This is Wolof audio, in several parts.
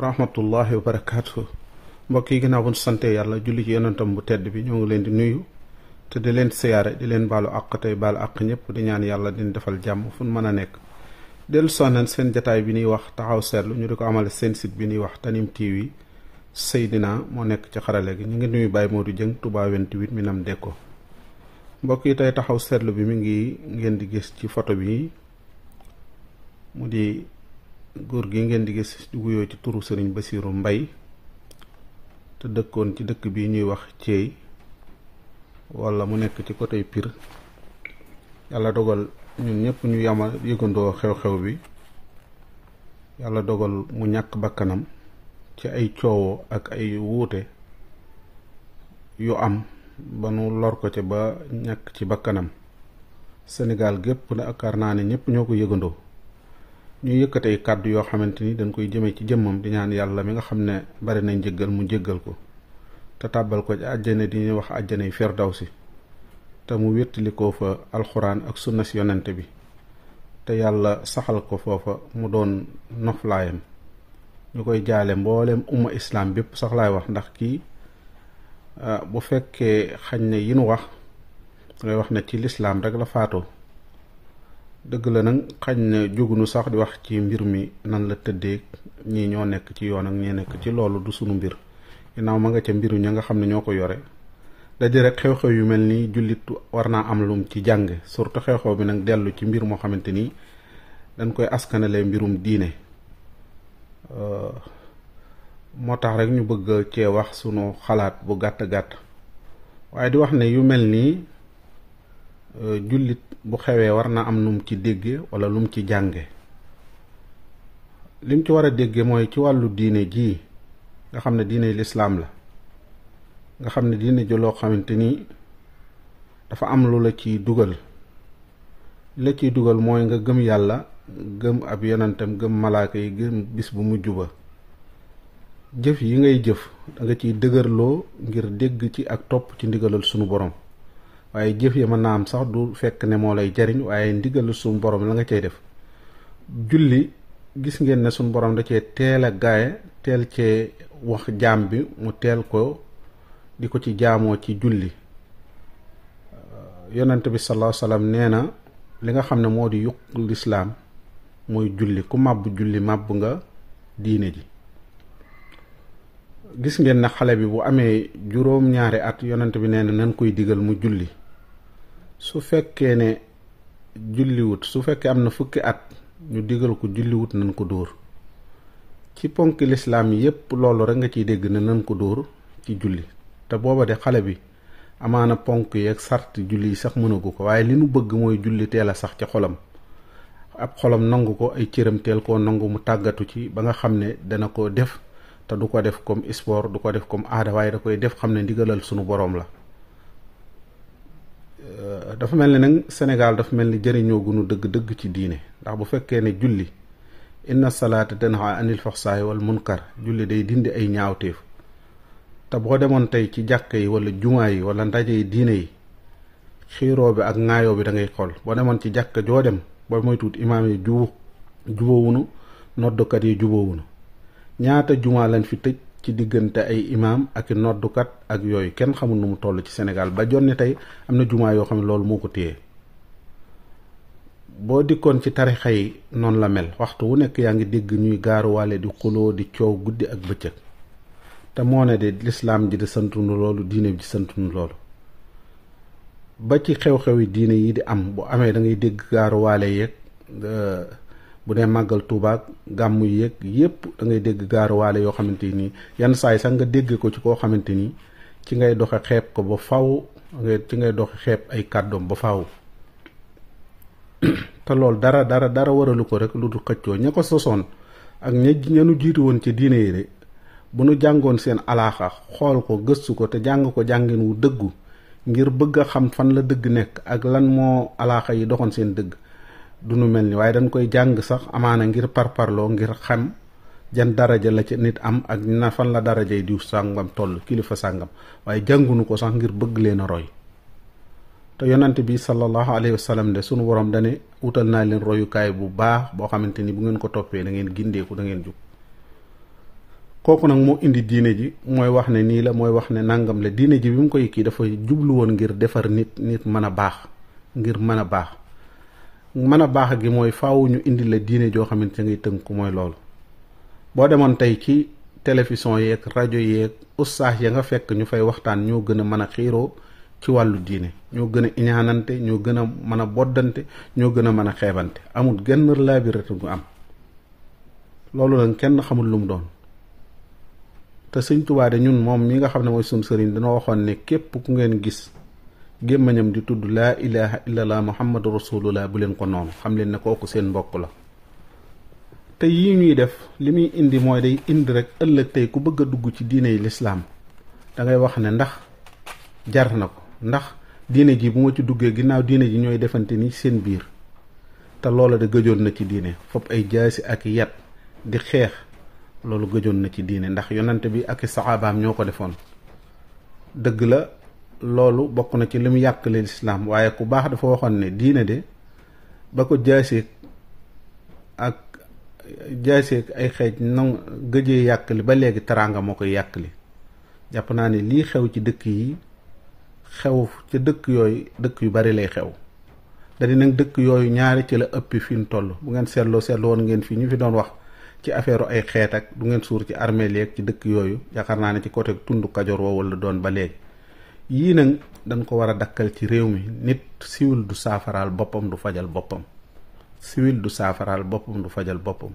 rahmatullahi wa barakaatu mbokk yi ginnaaw bu ñu yàlla julli ci yonentam bu tedd bi ñoo ngi leen di nuyu te di leen siyaare di leen baalu àq tey baalu àq ñëpp di ñaan yàlla din defal jàmm fu mën a nekk dellu sonen seen jataay bi ñuy wax taxaw seetlu ñu di ko amal seen sit bi ñuy wax Tanime TV Seydina moo nekk ci xarale gi ñu ngi nuyu Baye Modou Dieng Touba 28 mi minam dekko mbokk yi tey taxaw seetlu bi mi ngi ngeen di gis ci photo bi mu di góor gi ngeen di gis wuyoo ci turu sëriñ Basiiru Mbay te dëkkoon ci dëkk bi ñuy wax Thiey wala mu nekk ci côté piir yàlla dogal ñun ñëpp ñu yama yëgandoo xew-xew bi yàlla dogal mu ñàkk bakkanam ci ay coowoo ak ay wuute yu am ba nu lor ko ci ba ñàkk ci bakkanam Sénégal gépp na akaar naa ne ñëpp ñoo ko yëgandoo ñu yëkkatay kàddu yoo xamante ni dañ koy jëmee ci jëmmam di ñaan yàlla mi nga xam ne bari nañ jéggal mu jéggal ko te tàbbal ko ci àjjana di ñuy wax àjjanay si te mu wéttali ko fa alxuraan ak sunna si yonente bi te yàlla saxal ko foofa mu doon noflaayam ñu koy jaale mbooleem umma islaam bépp sax laay wax ndax kii ah, bu fekkee xañ ne yi nu wax ngay wax na ci lislaam rek la faatoo dëgg la nag xañ na jógunu sax di wax ci mbir mi nan la tëddee ñii ñoo nekk ci yoon ak ñi nekk ci loolu du sunu mbir ginnaaw ma nga ca mbiru ña nga xam ne ñoo ko yore daje rek xew-xew yu mel ni jullit war naa am lum ci jàng surtout xew-xew bi nag dellu ci mbir moo xamante ni dañ koy askanale mbirum diine euh, moo tax rek ñu bëgg cee wax sunu xalaat bu gàtt gàtt waaye di wax ne yu mel nii Euh, jullit bu xewee war na am num ci dégge wala lum ci jànge lim ci war a dégge mooy ci wàllu diine jii nga xam ne diine lislaam la nga xam ne diine ji loo xamante ni dafa am lu la ciy dugal la ciy dugal mooy nga gëm yàlla gëm ab yonentam gëm malaaka yi gëm bis bu mu juba jëf yi ngay jëf danga ciy dëgërloo ngir dégg ci ak topp ci ndigalal sunu borom waaye jëf ya ma naa am sax du fekk ne moo lay jariñ waaye ndigal sum borom la nga cay def julli gis ngeen ne suñu borom da cee teel a gaay teel cee wax jaam bi mu teel ko di ko ci jaamoo ci julli yonent bi sallallahu alayhi wasallam nee na li nga xam ne moo di yuq lislaam mooy julli ku màbb julli màbb nga diine ji gis ngeen ne xale bi bu amee juróom-ñaari at yonent bi nee na nan koy digal mu julli su fekkee ne julliwut su fekkee am na fukki at ñu digal ko julliwut nañ ko dóor ci ponk lislaam yépp loolu rek nga ciy dégg ne nañ ko dóor ci julli te booba de xale bi amaana ponk yeeg sart julli yi sax mënagu ko waaye li nu bëgg mooy julli teel a sax ca xolam ab xolam nangu ko ay cëram teel koo nangu mu tàggatu ci ba nga xam ne dana ko def te du ko def comme sport du ko def comme aada waaye da koy def xam ne ndigalal sunu boroom la Euh, dafa mel ni nag Sénégal dafa mel ni jëriñoo gunu dëgg-dëgg ci diine ndax bu fekkee ne julli inna salaata tanha anil faxsaay wal munkar julli day dindi ay ñaawteef te boo demoon tey ci jàkka yi wala jumaa yi wala ndaje yi diine yi xiiroo bi ak ŋaayoo bi dangay ngay xool boo demoon ci jàkka joo dem ba mooy tuut imaam yi jubu jubóowunu noddukat yi jubóowunu ñaata jumaa lañ fi tëj ci diggante ay imaam ak noddukat ak yooyu kenn xamul nu mu toll ci Sénégal ba ni tey am na jumaa yoo xam ne loolu moo ko téye boo dikkoon ci tarixa yi noonu la mel waxtu wu nekk yaa ngi dégg ñuy gaaruwaale di xuloo di coow guddi ak bëccëg te moo ne de lislaam ji di santunu loolu diine bi di santunu loolu ba ci xew-xewi diine yi di am bu amee dangay ngay dégg gaaruwaale yeeg euh, bu dee màggal tuubaak gàmm yeeg yépp da ngay dégg gaaruwaale yoo xamante nii yan saay sax nga dégg ko ci koo xamante ni ci ngay doxe xeeb ko ba faw ci ngay doxe xeeb ay kàddoom ba faw te loolu dara dara dara waralu ko rek lu du xëccoo ña ko sosoon ak ña ñenu jiitu woon ci diine yi de bu nu jàngoon seen alaaxa xool ko gëstu ko te jàng ko jàngin wu dëggu ngir bëgg a xam fan la dëgg nekk ak lan moo alaaxa yi doxoon seen dëgg du nu mel ni waaye dañ koy jàng sax amaana ngir par parloo ngir xam jan daraja la ci nit am ak nafal fan la darajay diw sàngam toll kilifa sàngam waaye jàngunu ko sax ngir bëgg leen a roy te yonante bi sallallahu alayhi wa sallam sunu borom dane wutal naa leen royukaay bu baax boo xamante ni bu ngeen ko toppee da ngeen gindeeku da ngeen jub kooku nag moo indi diine ji mooy wax ne nii la mooy wax ne nangam la diine ji bi mu koy kii dafa jublu woon ngir defar nit nit mën a baax ngir mën a baax mën a baax gi mooy faaw ñu indi la diine joo xamante ngay ku mooy loolu boo demoon tey ci télévision yeeg rajo yeeg ustaas ya nga fekk ñu fay waxtaan ñoo gën a mën a xiiroo ci wàllu diine ñoo gën a iñaanante ñoo gën a mën a boddante ñoo gën a mën a xeebante amul genn laabirate gu am loolu nag kenn xamul lu doon te sëñ Tuubaa de ñun moom mi nga xam ne mooy suñ sëriñ dina waxoon ne képp ku ngeen gis gémmañam di tudd laa ilaha illallah muhammadu rasulullah bu leen ko noonu xam leen ne kooku seen mbokk la te yi ñuy def li muy indi mooy day indi rekk ëllëg tey ku bëgg a dugg ci diine yi lislaam da ngay wax ne ndax jar na ko ndax diine ji bu ma ci duggee ginnaaw diine ji ñooy defante ni seen biir te loola de gëjoon na ci diine fopp ay jaasi ak yat di xeex loolu gëjoon na ci diine ndax yonante bi ak i saxaabaam ñoo ko defoon dëgg la loolu bokk na ci li mu yàq leen lislaam waaye ku baax dafa waxoon ne diine de ba ko jaaseeg ak jaaseeg ay xeej na gëjee yàq li ba léegi teraanga moo koy yàq li jàpp naa ni lii xew ci dëkk yi xew ca dëkk yooyu dëkk yu bari lay xew da nag dëkk yooyu ñaari ci la ëpp fi mu toll bu ngeen seetloo seetlu woon ngeen fii ñu fi doon wax ci affaire ay xeet ak du ngeen suur ci armée yeeg ci dëkk yooyu yaakaar naa ne ci côté tundu Kajoor woowu la doon ba léegi yii nag dañ ko war a dakkal ci réew mi nit siwil du saafaraal boppam du fajal boppam siwil du saafaraal boppam du fajal boppam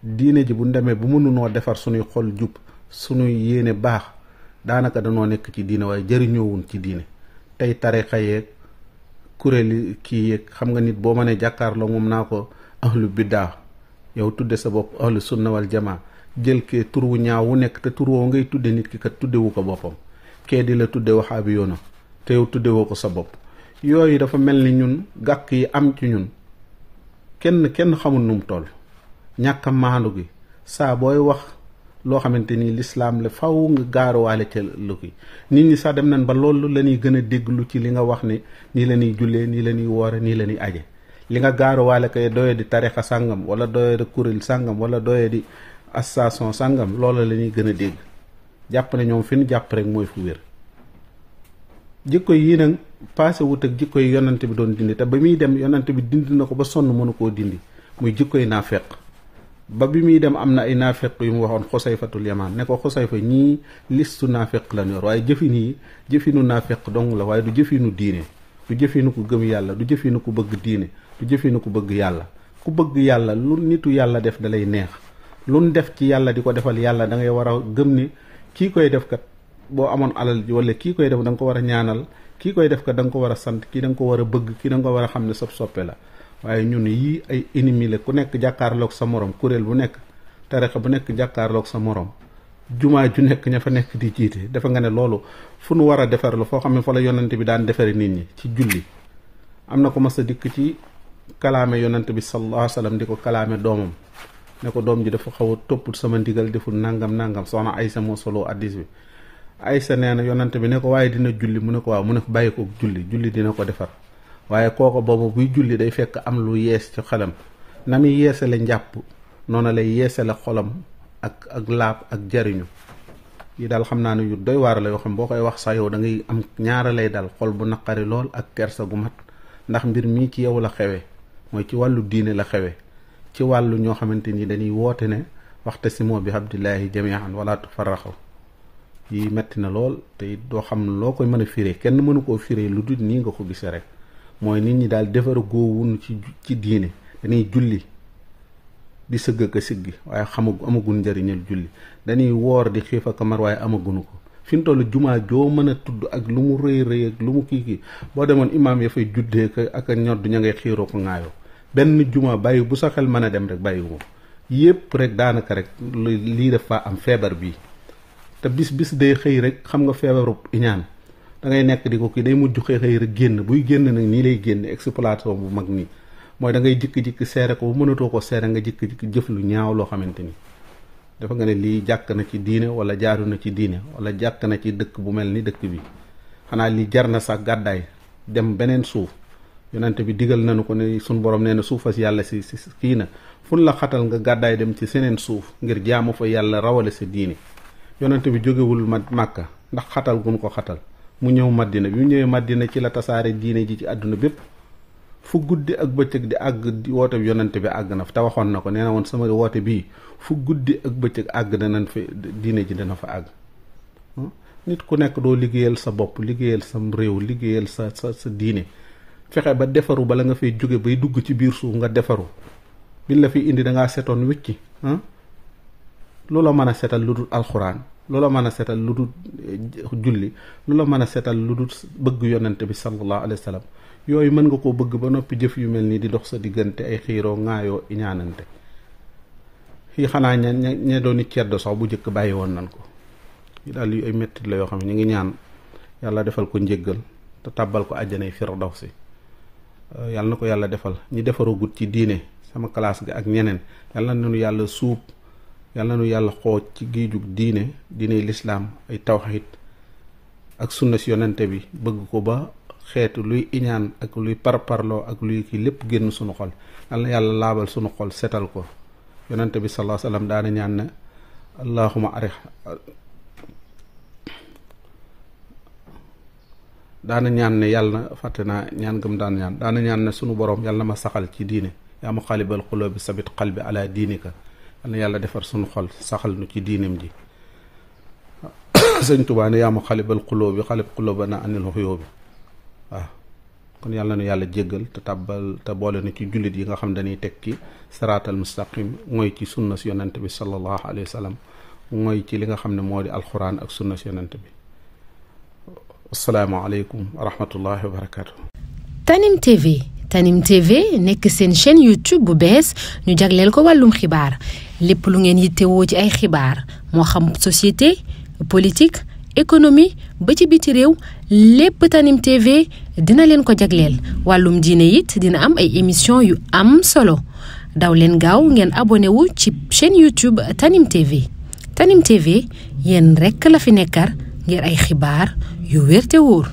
diine ji bu ndemee bu mënunoo defar suñuy xol jub suñuy yéene baax daanaka danoo nekk ci diine waaye jëriñoowun ci diine tey tarixa yeeg kuréeli kii yeeg xam nga nit boo mënee jàkkaarloo moom naa ko ahlu biddaa yow tudde sa bopp ahlu sunna wal jamaa jël kee tur wu ñaaw wu nekk te tur woo ngay tudde nit ki kat tuddewu ko boppam kee di la tudde waxaabi yoona te yow woo ko sa bopp yooyu dafa mel ni ñun gàkk yi am ci ñun kenn kenn xamul nu tool toll ñàkk maandu gi saa booy wax loo xamante ni lislaam la faw nga gaaruwaale ca lu ki nit ñi sax dem nañ ba loolu la ñuy gën a déglu ci li nga wax ni nii la ñuy jullee nii la ñuy woore nii la ñuy aje li nga gaaruwaale kay doye di tarixa sàngam wala doye di sàngam wala doye di association sàngam loola la ñuy gën a dégg jàpp ne ñoom fi ñu jàpp rek mooy fu wér jikko yii nag paase wut ak jikko yi yonante bi doon dindi te ba muy dem yonante bi dindi na ko ba sonn mënu koo dindi muy jikko yi naafeq ba bi muy dem am na ay naafeq yu mu waxoon xosayfatul yamaan ne ko xosayfa ñii listu naafeq la ñor waaye jëfin yi jëfinu naafeq dong la waaye du jëfinu diine du jëfinu ko gëm yàlla du jëfinu ko bëgg diine du jëfinu ko bëgg yàlla ku bëgg yàlla lu nitu yàlla def dalay neex lu def ci yàlla di ko defal yàlla da war a gëm ni kii koy def kat boo amoon alal ji wala kii koy def da nga ko war a ñaanal kii koy def kat danga ko war a sant kii danga ko war a bëgg kii da ko war a xam ne sab soppe la waaye ñun yii ay ennemi la ku nekk jàkkaarloog sa morom kuréel bu nekk tarixa bu nekk jàkkaarloog sa morom jumaa ju nekk ña fa nekk di jiite dafa nga ne loolu fu nu war a defarlu foo xam ne fa la yonante bi daan defare nit ñi ci julli am na ko mas a dikk ci kalaame yonante bi sallallahu alayhi wa sallam di ko kalaame doomam ne ko doom ji dafa xaw a toppul sama ndigal deful nangam nangam soxna Aysa moo solo addis bi Aysa nee na yonante bi ne ko waaye dina julli mu ne ko waaw mu ne ko bàyyi ko julli julli dina ko defar waaye kooko boobu buy julli day fekk am lu yees ci xelam na muy yeesale njàpp noonu lay yeesale xolam ak ak laab ak jariñu yi daal xam naa ne yu doy waar la yoo xam boo koy wax sa yow da am ñaara lay dal xol bu naqari lool ak kerse gu mat ndax mbir mi ci yow la xewe mooy ci wàllu diine la xewe ci wàllu ñoo xamante ni dañuy woote ne waxta simon bi abdillahi jamian wala tufarraxu yi metti na lool te doo xam loo koy mën a firee kenn mënu koo firee lu dul nii nga ko gise rek mooy nit ñi daal defar góowun ci ci diine dañuy julli di sëgg ak a waaye xamagu amagun njëriñal julli dañuy woor di xiif ak mar waaye amagunu ko fi mu toll jumaa joo mën a tudd ak lu mu rëy rëy ak lu mu kii kii boo demoon imaam ya fay juddee ak a ñodd ña ngay xiiroo ko ŋaayoo benn juma bàyyi bu sa xel mën a dem rek bàyyi ko yépp rek daanaka rek lii def faa am feebar bi te bis bis day xëy rek xam nga feebaru iñaan da nekk di ko kii day mujj xëy xëy rek génn buy génn nag nii lay génn exploitation bu mag nii mooy da ngay jikki-jikki seere ko bu mënatoo ko seere nga jikki-jikki jëf lu ñaaw loo xamante ni dafa nga ne lii jàkk na ci diine wala jaaru na ci diine wala jàkk na ci dëkk bu mel ni dëkk bi xanaa lii jar na sax gàddaay dem beneen suuf yonent bi digal nañu ko ne suñ borom nee na suufas yàlla si si fii na fun la xatal nga gàddaay dem ci seneen suuf ngir jaamu fa yàlla rawale sa diini yonent bi jógewul ma màkka ndax xatal gum ko xatal mu ñëw Madina bi mu ñëwee màddina ci la tasaare diine ji ci àdduna bépp fu guddi ak bëccëg di àgg di bi àgg na te waxoon na ko nee na woon sama woote bii fu guddi ak bëccëg àgg fi diine ji dana fa àgg hmm? nit ku nekk doo liggéeyal sa bopp liggéeyal sam réew liggéeyal sa sa sa diine fexe ba defaru bala nga fay jóge bay dugg ci biir suuf nga defaru biñ la fi indi danga ngaa setoon wicci ah? loola mën a setal lu dul alxuraan loola mën a setal lu dul eh, julli la mën a setal lu dul bëgg yonante bi sallallahu alayhi wa yooyu mën nga koo bëgg ba noppi jëf yu mel nii di dox sa diggante ay xiiroo ŋaayoo iñaanante fii xanaa ña ña ña dooni ceddo sax bu njëkk bàyyi woon nan ko yi daal yu ay mettit la yoo xam ne ñu ngi ñaan yàlla defal ko njéggal te tàbbal ko àjjanay firdawsi Euh, yàlla na ko yàlla defal ñi defaragut ci diine sama kalaas gi ak ñeneen yàlla na nu yàlla suub yàlla na nu yàlla xooj ci géejug diine diine lislaam ay tawxid ak sunna si yonente bi bëgg ko ba xeetu luy iñaan ak luy parparloo ak luy kii lépp génn sunu xol yàlla na yàlla laabal sunu xol setal ko yonente bi salaa sallam daana ñaan ne daana ñaan ne yàlla na fàtte naa ñaan gëm daan ñaan daana ñaan ne sunu borom yàlla ma saxal ci diine yaa ma xaalibal xuloo bi sabit xal bi ala diinika yàlla yàlla defar sunu xol saxal nu ci diineem ji sëñ tubaa ne yaa ma xaalibal xuloo bi xaalib xuloo ba na anil xuyoo bi waaw kon yàlla na yàlla jéggal te tàbbal te boole na ci jullit yi nga xam ne dañuy teg ci saraatal mustaqim mooy ci sunna si yonent bi sallallahu alayhi wa sallam mooy ci li nga xam ne moo di alxuraan ak sunna bi asalaamaaleykum wa rahmatullahi wa Tanim TV Tanim TV nekk seen chaîne YouTube bu bees ñu jagleel ko wàllum xibaar lépp lu ngeen yittewoo ci ay xibaar moo xam société politique économie ba ci biti réew lépp Tanim TV dina leen ko jagleel wàllum diine it dina am ay émission yu am solo daw leen gaaw ngeen abonné wu ci chaîne YouTube Tanim TV Tanim TV yéen rek la fi nekkar. ngir ay xibaar yu wér te wóor